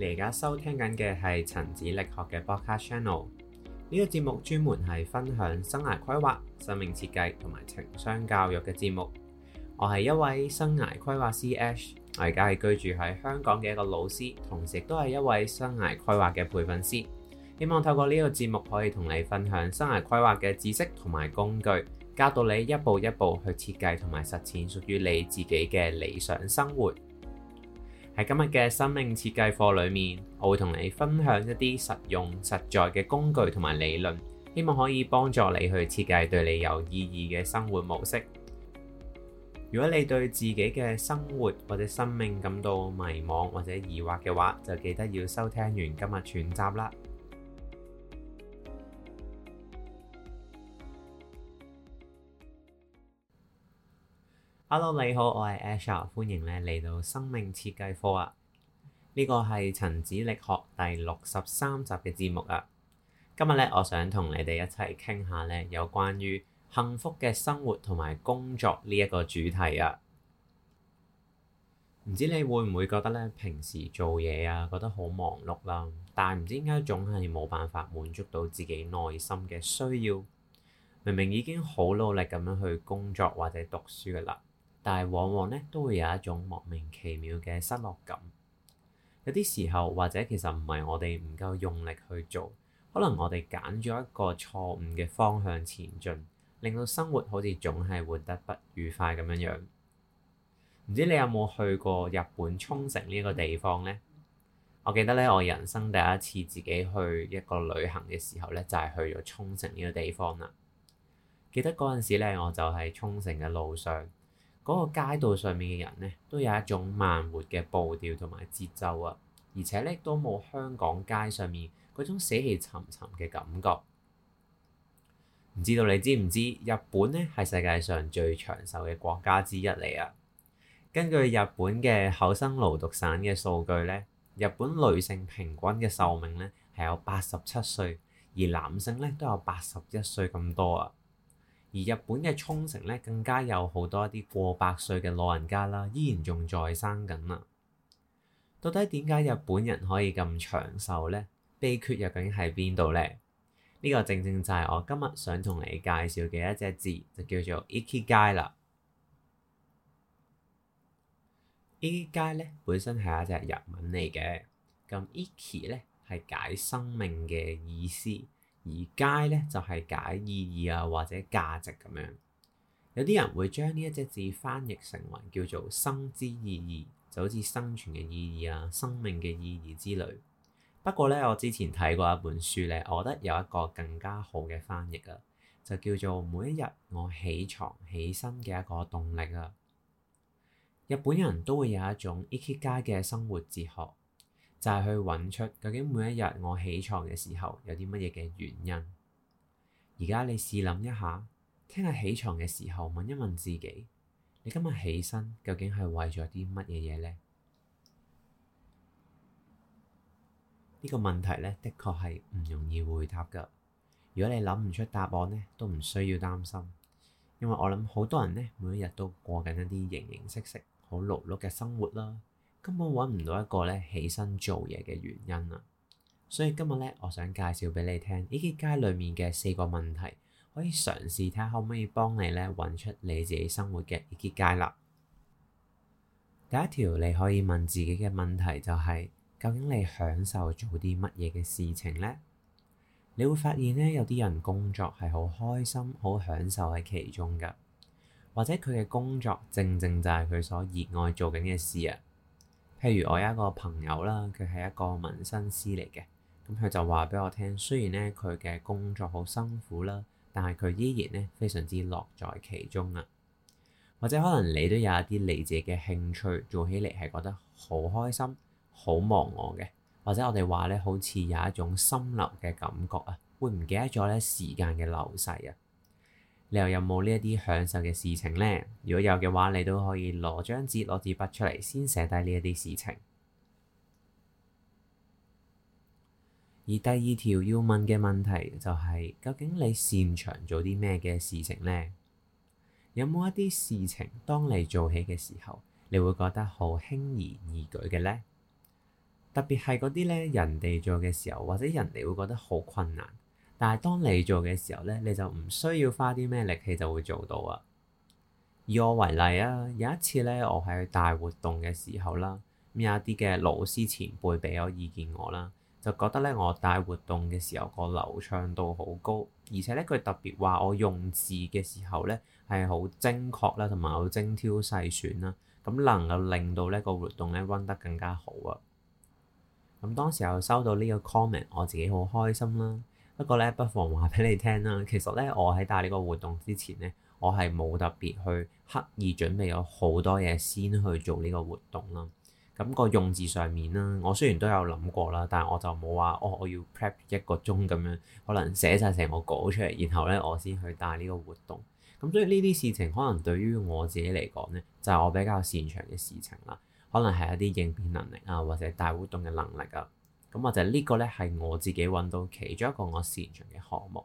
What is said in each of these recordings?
你而家收聽緊嘅係塵籽力學嘅播客 channel，呢個節目專門係分享生涯規劃、生命設計同埋情商教育嘅節目。我係一位生涯規劃師 Ash，我而家係居住喺香港嘅一個老師，同時都係一位生涯規劃嘅培訓師。希望透過呢個節目可以同你分享生涯規劃嘅知識同埋工具，教導你一步一步去設計同埋實踐屬於你自己嘅理想生活。喺今日嘅生命設計課裏面，我會同你分享一啲實用、實在嘅工具同埋理論，希望可以幫助你去設計對你有意義嘅生活模式。如果你對自己嘅生活或者生命感到迷茫或者疑惑嘅話，就記得要收聽完今日全集啦。Hello，你好，我係 Asher，歡迎你嚟到生命設計課啊！呢個係塵籽力學第六十三集嘅節目啊。今日咧，我想同你哋一齊傾下咧，有關於幸福嘅生活同埋工作呢一個主題啊。唔知你會唔會覺得咧，平時做嘢啊，覺得好忙碌啦，但係唔知點解總係冇辦法滿足到自己內心嘅需要。明明已經好努力咁樣去工作或者讀書噶啦。但係往往咧都會有一種莫名其妙嘅失落感。有啲時候或者其實唔係我哋唔夠用力去做，可能我哋揀咗一個錯誤嘅方向前進，令到生活好似總係活得不愉快咁樣樣。唔知你有冇去過日本沖繩呢一個地方呢？我記得咧，我人生第一次自己去一個旅行嘅時候咧，就係去咗沖繩呢個地方啦。記得嗰陣時咧，我就喺沖繩嘅路上。嗰個街道上面嘅人呢，都有一種慢活嘅步調同埋節奏啊，而且呢，都冇香港街上面嗰種死氣沉沉嘅感覺。唔知道你知唔知日本呢係世界上最長壽嘅國家之一嚟啊？根據日本嘅厚生勞動省嘅數據呢，日本女性平均嘅壽命呢係有八十七歲，而男性呢都有八十一歲咁多啊。而日本嘅沖繩咧，更加有好多啲過百歲嘅老人家啦，依然仲再生緊啊！到底點解日本人可以咁長壽咧？秘訣又究竟喺邊度咧？呢個正正就係我今日想同你介紹嘅一隻字，就叫做 ikigai 啦。ikigai 咧本身係一隻日文嚟嘅，咁 iki 咧係解生命嘅意思。而街咧就係、是、解意義啊，或者價值咁樣。有啲人會將呢一隻字翻譯成為叫做生之意義，就好似生存嘅意義啊、生命嘅意義之類。不過咧，我之前睇過一本書咧，我覺得有一個更加好嘅翻譯啊，就叫做每一日我起床起身嘅一個動力啊。日本人都會有一種 ikigai 嘅生活哲學。就係去揾出究竟每一日我起床嘅時候有啲乜嘢嘅原因。而家你試諗一下，聽日起床嘅時候問一問自己，你今日起身究竟係為咗啲乜嘢嘢呢？呢個問題呢，的確係唔容易回答噶。如果你諗唔出答案呢，都唔需要擔心，因為我諗好多人呢，每一日都過緊一啲形形色色、好碌碌嘅生活啦。根本揾唔到一個咧起身做嘢嘅原因啊。所以今日咧，我想介紹俾你聽，Ikigai 裏面嘅四個問題，可以嘗試睇下可唔可以幫你咧揾出你自己生活嘅 Ikigai 啦。第一條你可以問自己嘅問題就係、是：究竟你享受做啲乜嘢嘅事情咧？你會發現咧，有啲人工作係好開心、好享受喺其中噶，或者佢嘅工作正正就係佢所熱愛做緊嘅事啊。譬如我有一個朋友啦，佢係一個紋身師嚟嘅，咁佢就話畀我聽，雖然咧佢嘅工作好辛苦啦，但係佢依然咧非常之樂在其中啊。或者可能你都有一啲你自己嘅興趣，做起嚟係覺得好開心、好忘我嘅，或者我哋話咧好似有一種心流嘅感覺啊，會唔記得咗咧時間嘅流逝啊。你又有冇呢一啲享受嘅事情呢？如果有嘅話，你都可以攞張紙攞支筆出嚟，先寫低呢一啲事情。而第二條要問嘅問題就係，究竟你擅長做啲咩嘅事情呢？有冇一啲事情當你做起嘅時候，你會覺得好輕而易舉嘅呢？特別係嗰啲咧，人哋做嘅時候，或者人哋會覺得好困難。但係，當你做嘅時候咧，你就唔需要花啲咩力氣就會做到啊。以我為例啊，有一次咧，我喺大活動嘅時候啦，咁有一啲嘅老師前輩俾我意見我啦，就覺得咧我大活動嘅時候個流暢度好高，而且咧佢特別話我用字嘅時候咧係好精確啦，同埋好精挑細選啦，咁能夠令到呢個活動咧温得更加好啊。咁當時候收到呢個 comment，我自己好開心啦。不過咧，不妨話俾你聽啦。其實咧，我喺帶呢個活動之前咧，我係冇特別去刻意準備咗好多嘢先去做呢個活動啦。咁、嗯、那個用字上面啦，我雖然都有諗過啦，但係我就冇話哦，我要 prep 一個鐘咁樣，可能寫晒成個稿出嚟，然後咧我先去帶呢個活動。咁、嗯、所以呢啲事情可能對於我自己嚟講咧，就係、是、我比較擅長嘅事情啦。可能係一啲應變能力啊，或者帶活動嘅能力啊。咁我就呢個咧，係我自己揾到其中一個我擅長嘅項目。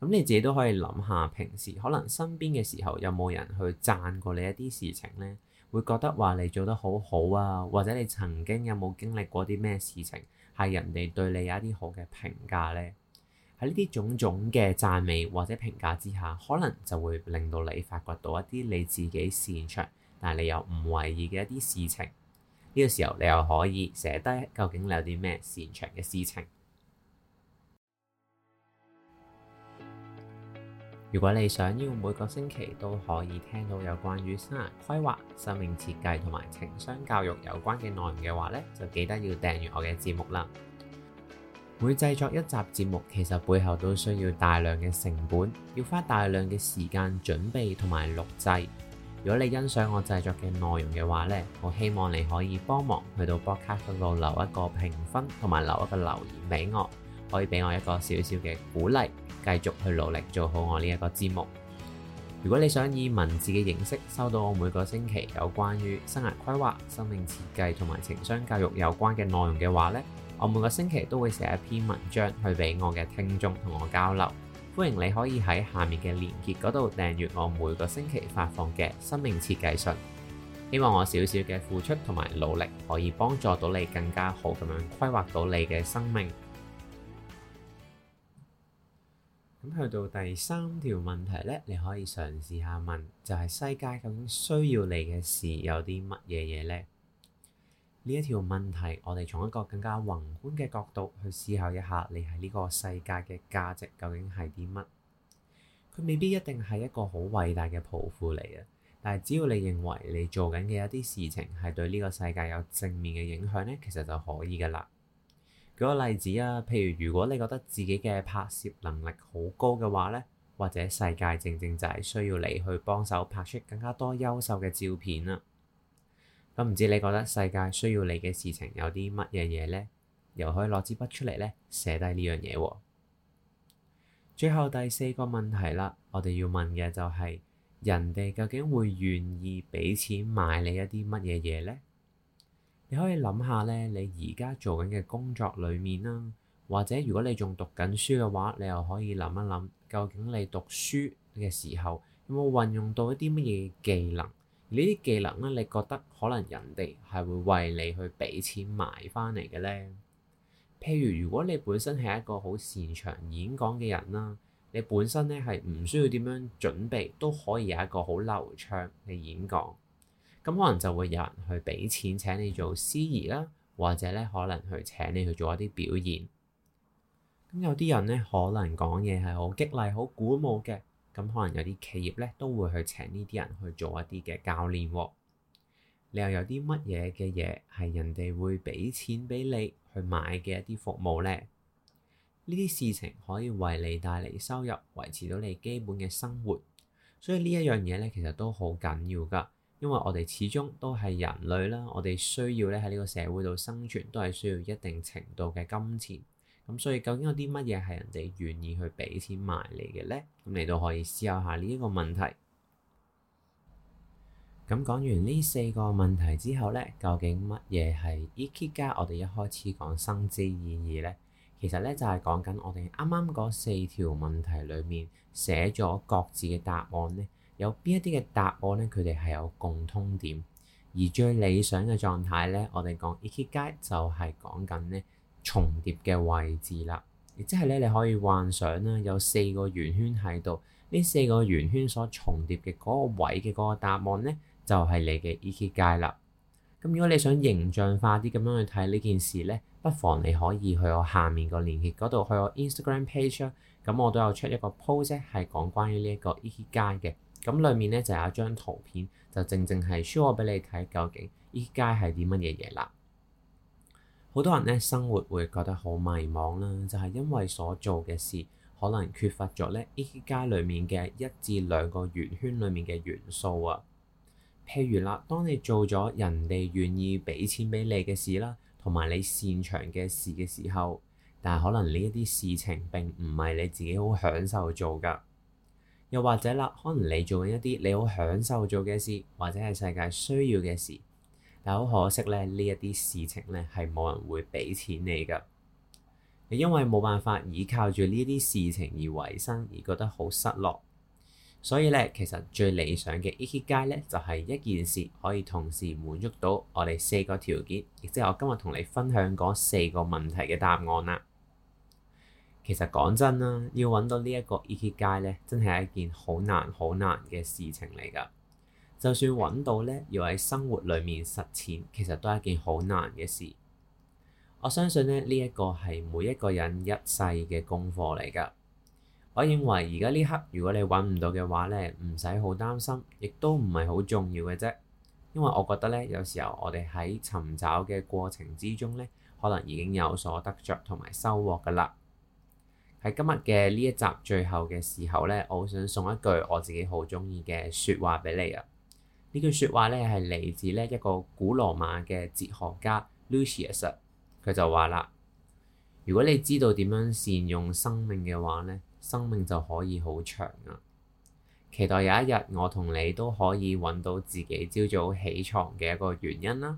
咁你自己都可以諗下，平時可能身邊嘅時候有冇人去讚過你一啲事情呢？會覺得話你做得好好啊，或者你曾經有冇經歷過啲咩事情係人哋對你有一啲好嘅評價呢？喺呢啲種種嘅讚美或者評價之下，可能就會令到你發掘到一啲你自己擅長，但係你又唔為意嘅一啲事情。呢個時候，你又可以寫低究竟你有啲咩擅長嘅事情。如果你想要每個星期都可以聽到有關於生涯規劃、生命設計同埋情商教育有關嘅內容嘅話呢，就記得要訂閱我嘅節目啦。每製作一集節目，其實背後都需要大量嘅成本，要花大量嘅時間準備同埋錄製。如果你欣賞我製作嘅內容嘅話呢，我希望你可以幫忙去到 Podcast 嗰度留一個評分，同埋留一個留言俾我，可以俾我一個少少嘅鼓勵，繼續去努力做好我呢一個節目。如果你想以文字嘅形式收到我每個星期有關於生涯規劃、生命設計同埋情商教育有關嘅內容嘅話呢，我每個星期都會寫一篇文章去俾我嘅聽眾同我交流。歡迎你可以喺下面嘅連結嗰度訂閱我每個星期發放嘅生命設計信。希望我少少嘅付出同埋努力可以幫助到你更加好咁樣規劃到你嘅生命。咁去到第三條問題呢，你可以嘗試下問，就係、是、世界究竟需要你嘅事有啲乜嘢嘢呢？呢一條問題，我哋從一個更加宏觀嘅角度去思考一下，你喺呢個世界嘅價值究竟係啲乜？佢未必一定係一個好偉大嘅抱負嚟嘅。但係只要你認為你做緊嘅一啲事情係對呢個世界有正面嘅影響咧，其實就可以噶啦。舉個例子啊，譬如如果你覺得自己嘅拍攝能力好高嘅話咧，或者世界正正就係需要你去幫手拍出更加多優秀嘅照片啊！我唔知你覺得世界需要你嘅事情有啲乜嘢嘢咧，又可以攞支筆出嚟咧寫低呢樣嘢喎。最後第四個問題啦，我哋要問嘅就係：人哋究竟會願意俾錢買你一啲乜嘢嘢咧？你可以諗下咧，你而家做緊嘅工作裡面啦，或者如果你仲讀緊書嘅話，你又可以諗一諗，究竟你讀書嘅時候有冇運用到一啲乜嘢技能？呢啲技能咧，你覺得可能人哋係會為你去俾錢買翻嚟嘅咧？譬如如果你本身係一個好擅長演講嘅人啦，你本身咧係唔需要點樣準備，都可以有一個好流暢嘅演講。咁可能就會有人去俾錢請你做司儀啦，或者咧可能去請你去做一啲表演。咁有啲人咧可能講嘢係好激勵、好鼓舞嘅。咁可能有啲企業咧都會去請呢啲人去做一啲嘅教練喎、哦。你又有啲乜嘢嘅嘢係人哋會俾錢俾你去買嘅一啲服務咧？呢啲事情可以為你帶嚟收入，維持到你基本嘅生活，所以呢一樣嘢咧其實都好緊要㗎。因為我哋始終都係人類啦，我哋需要咧喺呢個社會度生存都係需要一定程度嘅金錢。咁所以究竟有啲乜嘢係人哋願意去俾錢買嚟嘅咧？咁你都可以思考下呢一個問題。咁講完呢四個問題之後咧，究竟乜嘢係 Ikigai？我哋一開始講生之意義咧，其實咧就係講緊我哋啱啱嗰四條問題裏面寫咗各自嘅答案咧，有邊一啲嘅答案咧？佢哋係有共通點。而最理想嘅狀態咧，我哋講 Ikigai 就係講緊咧。重疊嘅位置啦，亦即係咧，你可以幻想啦，有四個圓圈喺度，呢四個圓圈所重疊嘅嗰個位嘅嗰個答案咧，就係、是、你嘅 Ikigai 啦。咁如果你想形象化啲咁樣去睇呢件事咧，不妨你可以去我下面個連結嗰度，去我 Instagram page，咁我都有出一個 post 係講關於呢一個 Ikigai 嘅。咁裡面咧就是、有一張圖片，就正正係 show 我俾你睇究竟 Ikigai 係啲乜嘢嘢啦。好多人咧，生活會覺得好迷茫啦，就係因為所做嘅事可能缺乏咗咧，依家裡面嘅一至兩個圓圈裡面嘅元素啊。譬如啦，當你做咗人哋願意俾錢俾你嘅事啦，同埋你擅長嘅事嘅時候，但係可能呢一啲事情並唔係你自己好享受做噶。又或者啦，可能你做緊一啲你好享受做嘅事，或者係世界需要嘅事。但好可惜咧，呢一啲事情咧係冇人會俾錢你㗎，你因為冇辦法依靠住呢啲事情而為生，而覺得好失落。所以咧，其實最理想嘅 EQ 街咧，就係、是、一件事可以同時滿足到我哋四個條件，亦即係我今日同你分享嗰四個問題嘅答案啦。其實講真啦，要揾到呢一個 EQ 街咧，真係一件好難、好難嘅事情嚟㗎。就算揾到呢，要喺生活裏面實踐，其實都係一件好難嘅事。我相信呢，呢一個係每一個人一世嘅功課嚟㗎。我認為而家呢刻，如果你揾唔到嘅話呢，唔使好擔心，亦都唔係好重要嘅啫。因為我覺得呢，有時候我哋喺尋找嘅過程之中呢，可能已經有所得着同埋收穫㗎啦。喺今日嘅呢一集最後嘅時候呢，我好想送一句我自己好中意嘅説話俾你啊！呢句説話咧係嚟自咧一個古羅馬嘅哲學家 Lucius，佢、啊、就話啦：如果你知道點樣善用生命嘅話咧，生命就可以好長啊！期待有一日我同你都可以揾到自己朝早起床嘅一個原因啦！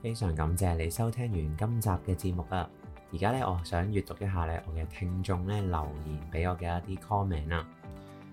非常感謝你收聽完今集嘅節目啊！而家咧，我想閱讀一下咧我嘅聽眾咧留言俾我嘅一啲 comment 啊！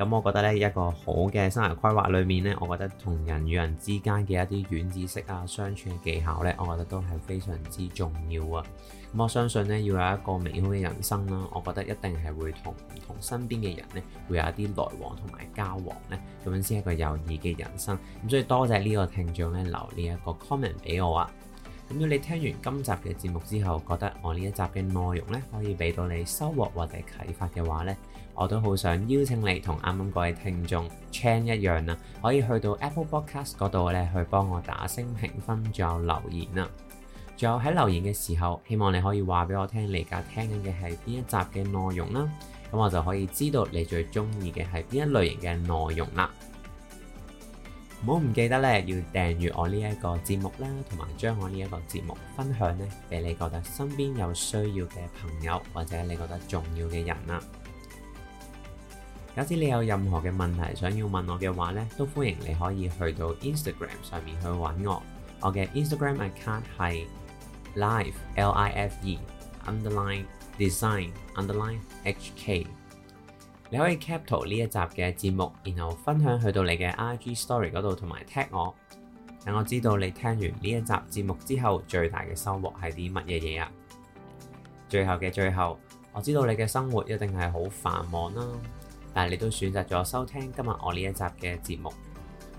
咁我覺得咧，一個好嘅生涯規劃裏面咧，我覺得同人與人之間嘅一啲軟知識啊、相處嘅技巧咧，我覺得都係非常之重要啊！咁我相信咧，要有一個美好嘅人生啦、啊，我覺得一定係會同唔同身邊嘅人咧，會有一啲來往同埋交往咧，咁樣先係一個有意嘅人生。咁所以多謝呢個聽眾咧留呢一個 comment 俾我啊！咁如果你聽完今集嘅節目之後，覺得我呢一集嘅內容咧可以俾到你收穫或者啟發嘅話咧，我都好想邀請你同啱啱各位聽眾，chain 一樣啦，可以去到 Apple Podcast 度咧，去幫我打星評分，仲有留言啦。仲有喺留言嘅時候，希望你可以話俾我聽，你而家聽緊嘅係邊一集嘅內容啦，咁我就可以知道你最中意嘅係邊一類型嘅內容啦。唔好唔記得咧，要訂閱我呢一個節目啦，同埋將我呢一個節目分享呢，俾你覺得身邊有需要嘅朋友，或者你覺得重要嘅人啦。假設你有任何嘅問題想要問我嘅話咧，都歡迎你可以去到 Instagram 上面去揾我。我嘅 Instagram account 係 life l i f e underline design underline h k。你可以 cap 呢一集嘅節目，然後分享去到你嘅 IG story 嗰度，同埋 tag 我。等我知道你聽完呢一集節目之後，最大嘅收穫係啲乜嘢嘢啊？最後嘅最後，我知道你嘅生活一定係好繁忙啦，但係你都選擇咗收聽今日我呢一集嘅節目，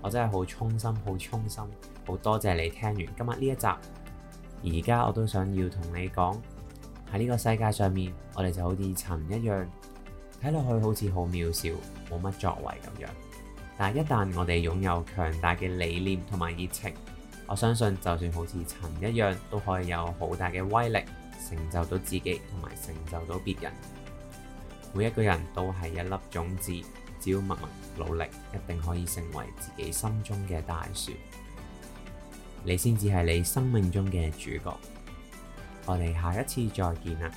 我真係好衷心、好衷心、好多謝你聽完今日呢一集。而家我都想要同你講，喺呢個世界上面，我哋就好似塵一樣。睇落去好似好渺小，冇乜作為咁樣。但一旦我哋擁有強大嘅理念同埋熱情，我相信就算好似塵一樣，都可以有好大嘅威力，成就到自己同埋成就到別人。每一個人都係一粒種子，只要默默努力，一定可以成為自己心中嘅大樹。你先至係你生命中嘅主角。我哋下一次再見啦！